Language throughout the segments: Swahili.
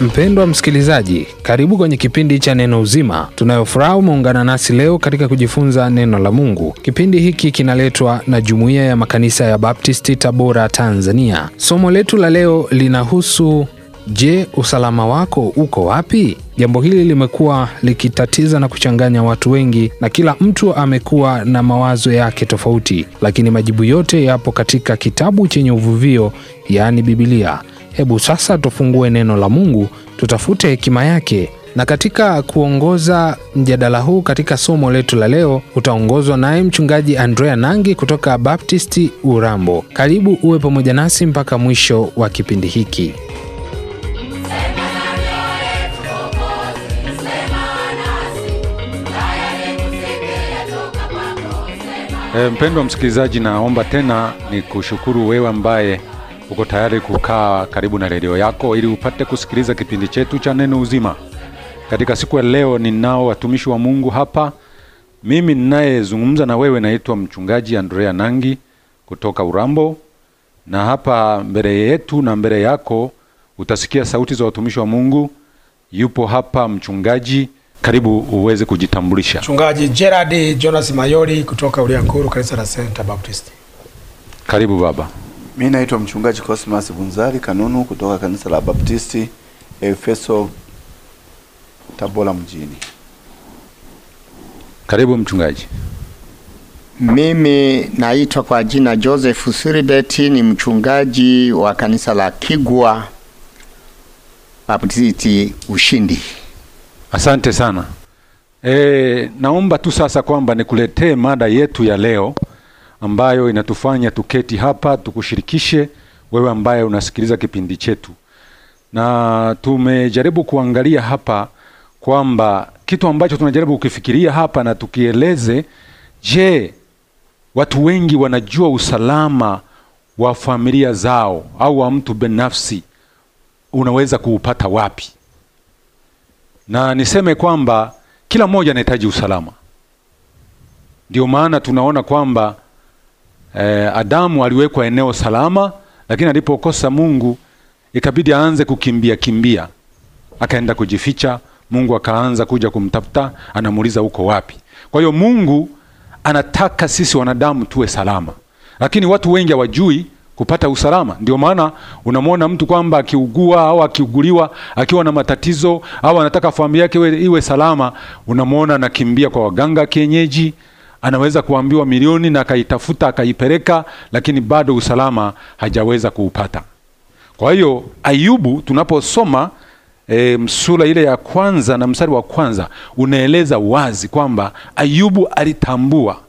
Mpendwa msikilizaji, karibu kwenye kipindi cha Neno Uzima. Tunayofuraha umeungana nasi leo katika kujifunza neno la Mungu. Kipindi hiki kinaletwa na Jumuiya ya Makanisa ya Baptisti Tabora, Tanzania. Somo letu la leo linahusu Je, usalama wako uko wapi? Jambo hili limekuwa likitatiza na kuchanganya watu wengi, na kila mtu amekuwa na mawazo yake tofauti, lakini majibu yote yapo katika kitabu chenye uvuvio, yaani Bibilia. Hebu sasa tufungue neno la Mungu, tutafute hekima yake. Na katika kuongoza mjadala huu katika somo letu la leo, utaongozwa naye mchungaji Andrea Nangi kutoka Baptisti Urambo. Karibu uwe pamoja nasi mpaka mwisho wa kipindi hiki. E, mpendwa msikilizaji, naomba tena ni kushukuru wewe ambaye uko tayari kukaa karibu na redio yako ili upate kusikiliza kipindi chetu cha neno uzima. Katika siku ya leo ninao watumishi wa Mungu hapa. Mimi ninayezungumza na wewe naitwa mchungaji Andrea Nangi kutoka Urambo, na hapa mbele yetu na mbele yako utasikia sauti za watumishi wa Mungu. Yupo hapa mchungaji, karibu uweze kujitambulisha. Mchungaji Gerard Jonas Mayori kutoka Uliankuru, kanisa la center Baptist. Karibu baba. Mi naitwa mchungaji Cosmas Bunzari Kanunu kutoka kanisa la Baptisti Efeso Tabora mjini. Karibu mchungaji. Mimi naitwa kwa jina Joseph Silibeti, ni mchungaji wa kanisa la Kigwa Baptisti Ushindi. Asante sana. E, naomba tu sasa kwamba nikuletee mada yetu ya leo ambayo inatufanya tuketi hapa tukushirikishe wewe ambaye unasikiliza kipindi chetu, na tumejaribu kuangalia hapa kwamba kitu ambacho tunajaribu kukifikiria hapa na tukieleze, je, watu wengi wanajua usalama wa familia zao au wa mtu binafsi unaweza kuupata wapi? Na niseme kwamba kila mmoja anahitaji usalama. Ndio maana tunaona kwamba eh, Adamu aliwekwa eneo salama, lakini alipokosa Mungu ikabidi aanze kukimbia kimbia, akaenda kujificha. Mungu akaanza kuja kumtafuta, anamuuliza uko wapi? Kwa hiyo Mungu anataka sisi wanadamu tuwe salama, lakini watu wengi hawajui kupata usalama. Ndio maana unamwona mtu kwamba akiugua au akiuguliwa, akiwa na matatizo au anataka familia yake iwe salama, unamwona anakimbia kwa waganga kienyeji anaweza kuambiwa milioni na akaitafuta akaipeleka, lakini bado usalama hajaweza kuupata. Kwa hiyo Ayubu tunaposoma e, sura ile ya kwanza na mstari wa kwanza unaeleza wazi kwamba Ayubu alitambua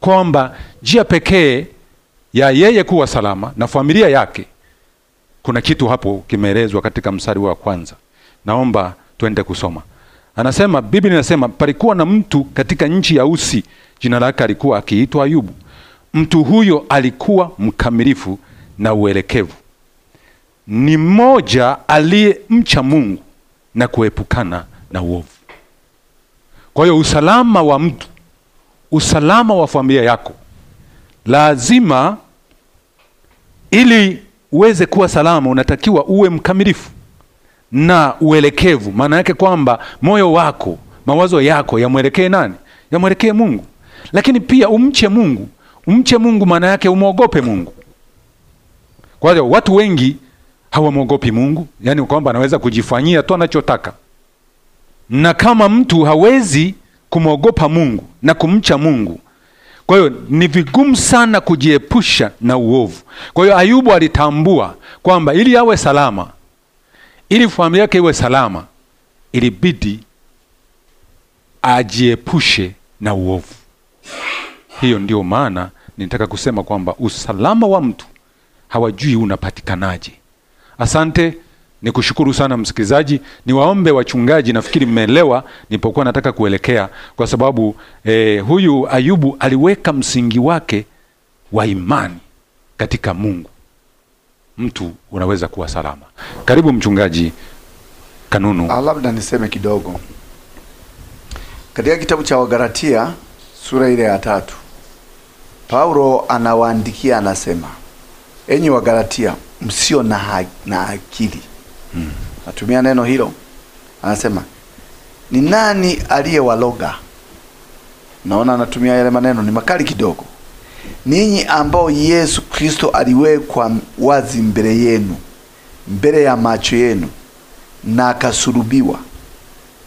kwamba njia pekee ya yeye kuwa salama na familia yake, kuna kitu hapo kimeelezwa katika mstari wa kwanza. Naomba twende kusoma. Anasema Biblia inasema palikuwa na mtu katika nchi ya Usi, jina lake alikuwa akiitwa Ayubu. Mtu huyo alikuwa mkamilifu na uelekevu, ni mmoja aliyemcha Mungu na kuepukana na uovu. Kwa hiyo usalama wa mtu, usalama wa familia yako, lazima ili uweze kuwa salama, unatakiwa uwe mkamilifu na uelekevu. Maana yake kwamba moyo wako, mawazo yako yamwelekee nani? Yamwelekee Mungu. Lakini pia umche Mungu. Umche Mungu maana yake umwogope Mungu. Kwa hiyo watu wengi hawamwogopi Mungu, yaani kwamba anaweza kujifanyia tu anachotaka. Na kama mtu hawezi kumwogopa Mungu na kumcha Mungu, kwa hiyo ni vigumu sana kujiepusha na uovu. Kwa hiyo Ayubu alitambua kwamba ili awe salama ili familia yake iwe salama, ilibidi ajiepushe na uovu. Hiyo ndiyo maana nitaka kusema kwamba usalama wa mtu hawajui unapatikanaje. Asante, ni kushukuru sana msikilizaji. Niwaombe wachungaji, nafikiri mmeelewa nipokuwa nataka kuelekea, kwa sababu eh, huyu Ayubu aliweka msingi wake wa imani katika Mungu mtu unaweza kuwa salama. Karibu mchungaji Kanunu. Ah, labda niseme kidogo katika kitabu cha Wagalatia sura ile ya tatu, Paulo anawaandikia anasema, enyi Wagalatia msio na, ha na akili hmm. Natumia neno hilo, anasema ni nani aliyewaloga? Naona anatumia yale maneno ni makali kidogo, ninyi ambao Yesu Kristo aliwekwa wazi mbele yenu, mbele ya macho yenu na akasulubiwa.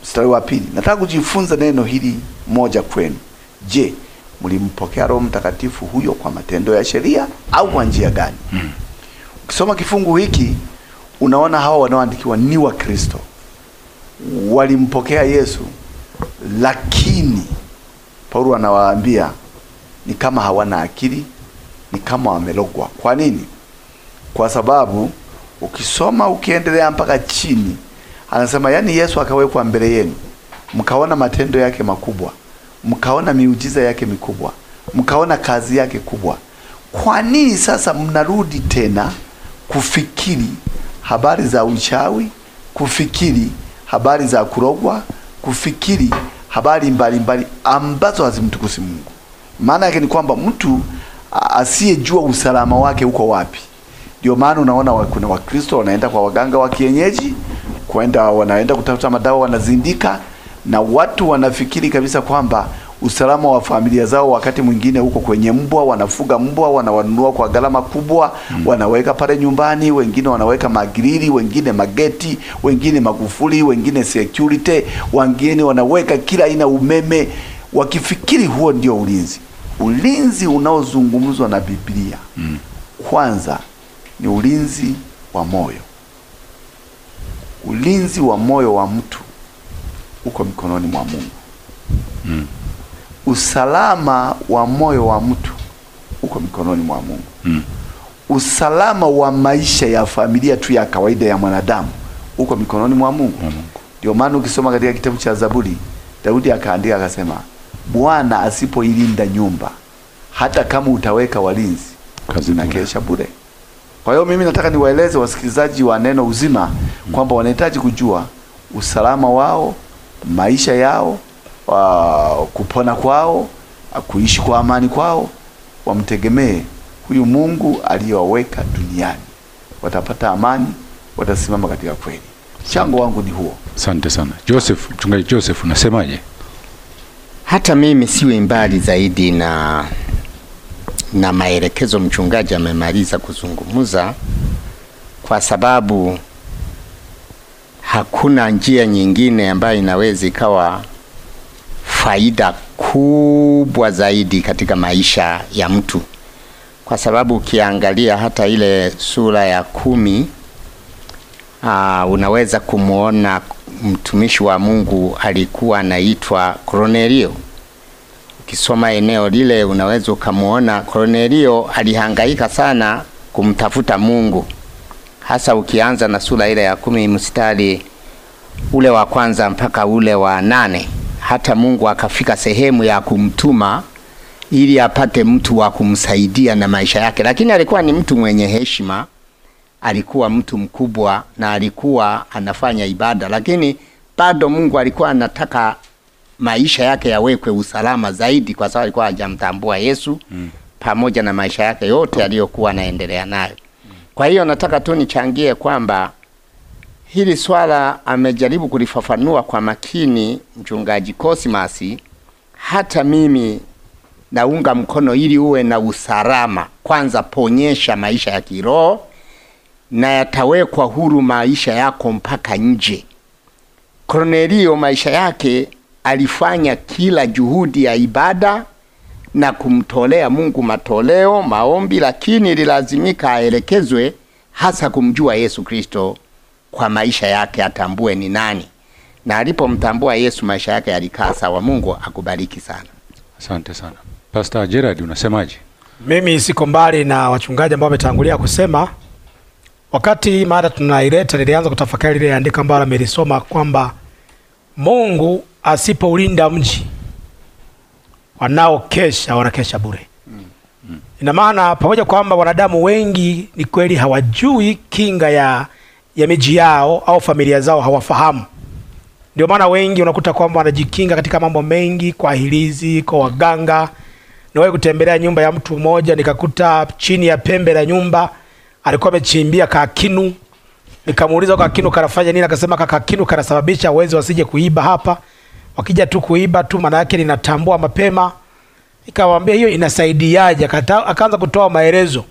Mstari wa pili, nataka kujifunza neno hili moja kwenu. Je, mlimpokea Roho Mtakatifu huyo kwa matendo ya sheria au kwa njia gani? Hmm. Ukisoma kifungu hiki unaona hawa wanaoandikiwa ni wa Kristo walimpokea Yesu, lakini Paulo anawaambia ni kama hawana akili, ni kama wamelogwa. Kwa nini? Kwa sababu ukisoma ukiendelea mpaka chini, anasema yani, Yesu akawekwa mbele yenu, mkaona matendo yake makubwa, mkaona miujiza yake mikubwa, mkaona kazi yake kubwa. Kwa nini sasa mnarudi tena kufikiri habari za uchawi, kufikiri habari za kurogwa, kufikiri habari mbalimbali mbali ambazo hazimtukusi Mungu? Maana yake ni kwamba mtu asiyejua usalama wake uko wapi. Ndio maana unaona kuna Wakristo wanaenda kwa waganga wa kienyeji kwenda, wanaenda kutafuta madawa, wanazindika, na watu wanafikiri kabisa kwamba usalama wa familia zao wakati mwingine huko kwenye mbwa. Wanafuga mbwa, wanawanunua kwa gharama kubwa hmm. wanaweka pale nyumbani, wengine wanaweka magrili, wengine mageti, wengine magufuli, wengine security, wengine wanaweka kila aina umeme wakifikiri huo ndio ulinzi. Ulinzi unaozungumzwa na Biblia mm. kwanza ni ulinzi wa moyo. Ulinzi wa moyo wa mtu uko mikononi mwa Mungu mm. usalama wa moyo wa mtu uko mikononi mwa Mungu mm. usalama wa maisha ya familia tu ya kawaida ya mwanadamu uko mikononi mwa Mungu. Ndio maana ukisoma katika kitabu cha Zaburi Daudi akaandika akasema Bwana asipoilinda nyumba, hata kama utaweka walinzi, kazi inakesha bure. Kwa hiyo mimi nataka niwaeleze wasikilizaji wa Neno Uzima kwamba wanahitaji kujua usalama wao, maisha yao, wa kupona kwao, kuishi kwa amani kwao, wamtegemee huyu Mungu aliyowaweka duniani. Watapata amani, watasimama katika kweli. Mchango wangu ni huo. Asante sana Joseph. Mchungaji Joseph, unasemaje? Hata mimi siwe mbali zaidi na, na maelekezo mchungaji amemaliza kuzungumza, kwa sababu hakuna njia nyingine ambayo inaweza ikawa faida kubwa zaidi katika maisha ya mtu, kwa sababu ukiangalia hata ile sura ya kumi, aa, ah, unaweza kumwona mtumishi wa Mungu alikuwa anaitwa Kornelio. Ukisoma eneo lile unaweza ukamwona Kornelio alihangaika sana kumtafuta Mungu, hasa ukianza na sura ile ya kumi mstari ule wa kwanza mpaka ule wa nane. Hata Mungu akafika sehemu ya kumtuma ili apate mtu wa kumsaidia na maisha yake, lakini alikuwa ni mtu mwenye heshima alikuwa mtu mkubwa na alikuwa anafanya ibada, lakini bado Mungu alikuwa anataka maisha yake yawekwe usalama zaidi, kwa sababu alikuwa hajamtambua Yesu mm. pamoja na maisha yake yote aliyokuwa anaendelea nayo. Mm. Kwa hiyo nataka tu nichangie kwamba hili swala amejaribu kulifafanua kwa makini mchungaji Cosmas. Hata mimi naunga mkono, ili uwe na usalama, kwanza ponyesha maisha ya kiroho mm na yatawekwa huru maisha yako mpaka nje. Kornelio maisha yake alifanya kila juhudi ya ibada na kumtolea Mungu matoleo, maombi, lakini lilazimika aelekezwe hasa kumjua Yesu Kristo kwa maisha yake, atambue ni nani. Na alipomtambua Yesu, maisha yake yalikaa sawa. Mungu akubariki sana. Asante sana. Pastor Gerard, unasemaje? Mimi siko mbali na wachungaji ambao wametangulia kusema. Wakati mada tunaileta, nilianza kutafakari ile andiko ambalo amelisoma kwamba Mungu asipoulinda mji, wanaokesha wanakesha bure. Ina maana pamoja kwamba wanadamu wengi ni kweli hawajui kinga ya, ya miji yao au familia zao hawafahamu. Ndio maana wengi unakuta kwamba wanajikinga katika mambo mengi, kwa hilizi, kwa waganga. Niwahi kutembelea nyumba ya mtu mmoja nikakuta chini ya pembe la nyumba alikuwa amechimbia kakinu, nikamuuliza kakinu kanafanya nini? Akasema kakinu kanasababisha wezi wasije kuiba hapa, wakija tu kuiba tu maana yake ninatambua mapema. Nikamwambia hiyo inasaidiaje? Akaanza kutoa maelezo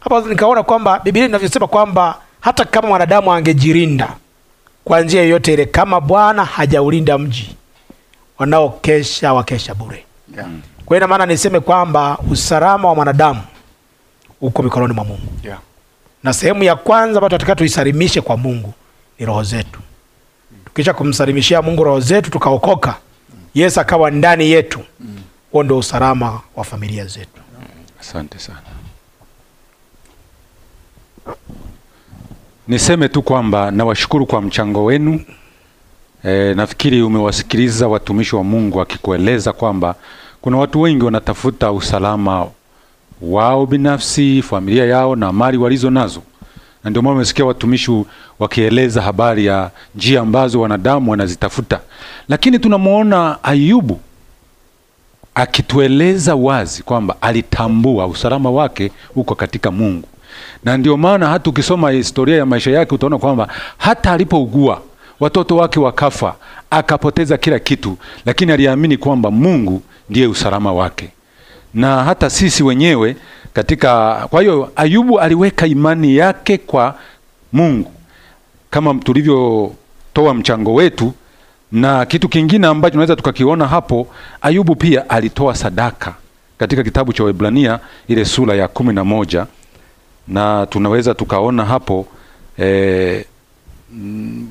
hapo, nikaona kwamba Biblia inavyosema kwamba hata kama mwanadamu angejirinda kwa njia yoyote ile, kama Bwana hajaulinda mji, wanaokesha wakesha bure. Yeah. Kwa hiyo ina maana niseme kwamba usalama wa mwanadamu uko mikononi mwa Mungu yeah. Na sehemu ya kwanza ambayo tunataka tuisalimishe kwa Mungu ni roho zetu. Tukisha kumsalimishia Mungu roho zetu tukaokoka, Yesu akawa ndani yetu, huo ndio usalama wa familia zetu. Asante sana. Niseme tu kwamba nawashukuru kwa mchango wenu. E, nafikiri umewasikiliza watumishi wa Mungu akikueleza kwamba kuna watu wengi wanatafuta usalama wao binafsi, familia yao na mali walizo nazo, na ndio maana umesikia watumishi wakieleza habari ya njia ambazo wanadamu wanazitafuta. Lakini tunamwona Ayubu akitueleza wazi kwamba alitambua usalama wake uko katika Mungu, na ndio maana hata ukisoma historia ya maisha yake utaona kwamba hata alipougua watoto wake wakafa, akapoteza kila kitu, lakini aliamini kwamba Mungu ndiye usalama wake na hata sisi wenyewe katika. Kwa hiyo Ayubu aliweka imani yake kwa Mungu kama tulivyotoa mchango wetu, na kitu kingine ambacho tunaweza tukakiona hapo, Ayubu pia alitoa sadaka katika kitabu cha Waebrania ile sura ya kumi na moja na tunaweza tukaona hapo eh, Mm,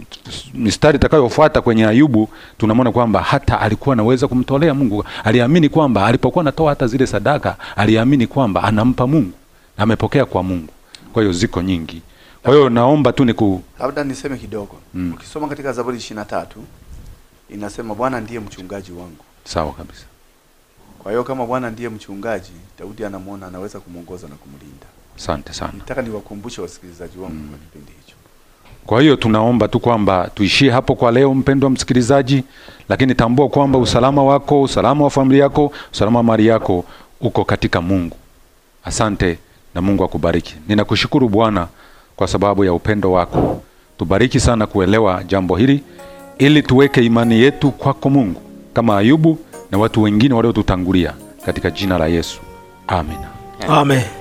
mistari itakayofuata kwenye Ayubu tunamwona kwamba hata alikuwa anaweza kumtolea Mungu. Aliamini kwamba alipokuwa anatoa hata zile sadaka, aliamini kwamba anampa Mungu na amepokea kwa Mungu. Kwa hiyo ziko nyingi, kwa hiyo naomba tu niku labda niseme kidogo mm. Ukisoma katika Zaburi ishirini na tatu inasema Bwana ndiye mchungaji wangu. Sawa kabisa. Kwa hiyo kama Bwana ndiye mchungaji, Daudi anamwona anaweza kumwongoza na kumlinda. Asante sana. Nataka niwakumbushe wasikilizaji wangu mm. kwa kipindi hicho kwa hiyo tunaomba tu kwamba tuishie hapo kwa leo, mpendwa msikilizaji, lakini tambua kwamba usalama wako, usalama wa familia yako, usalama wa mali yako uko katika Mungu. Asante na Mungu akubariki. Ninakushukuru Bwana kwa sababu ya upendo wako. Tubariki sana kuelewa jambo hili ili tuweke imani yetu kwako Mungu, kama Ayubu na watu wengine waliotutangulia, katika jina la Yesu. Amina. Amen. Amen.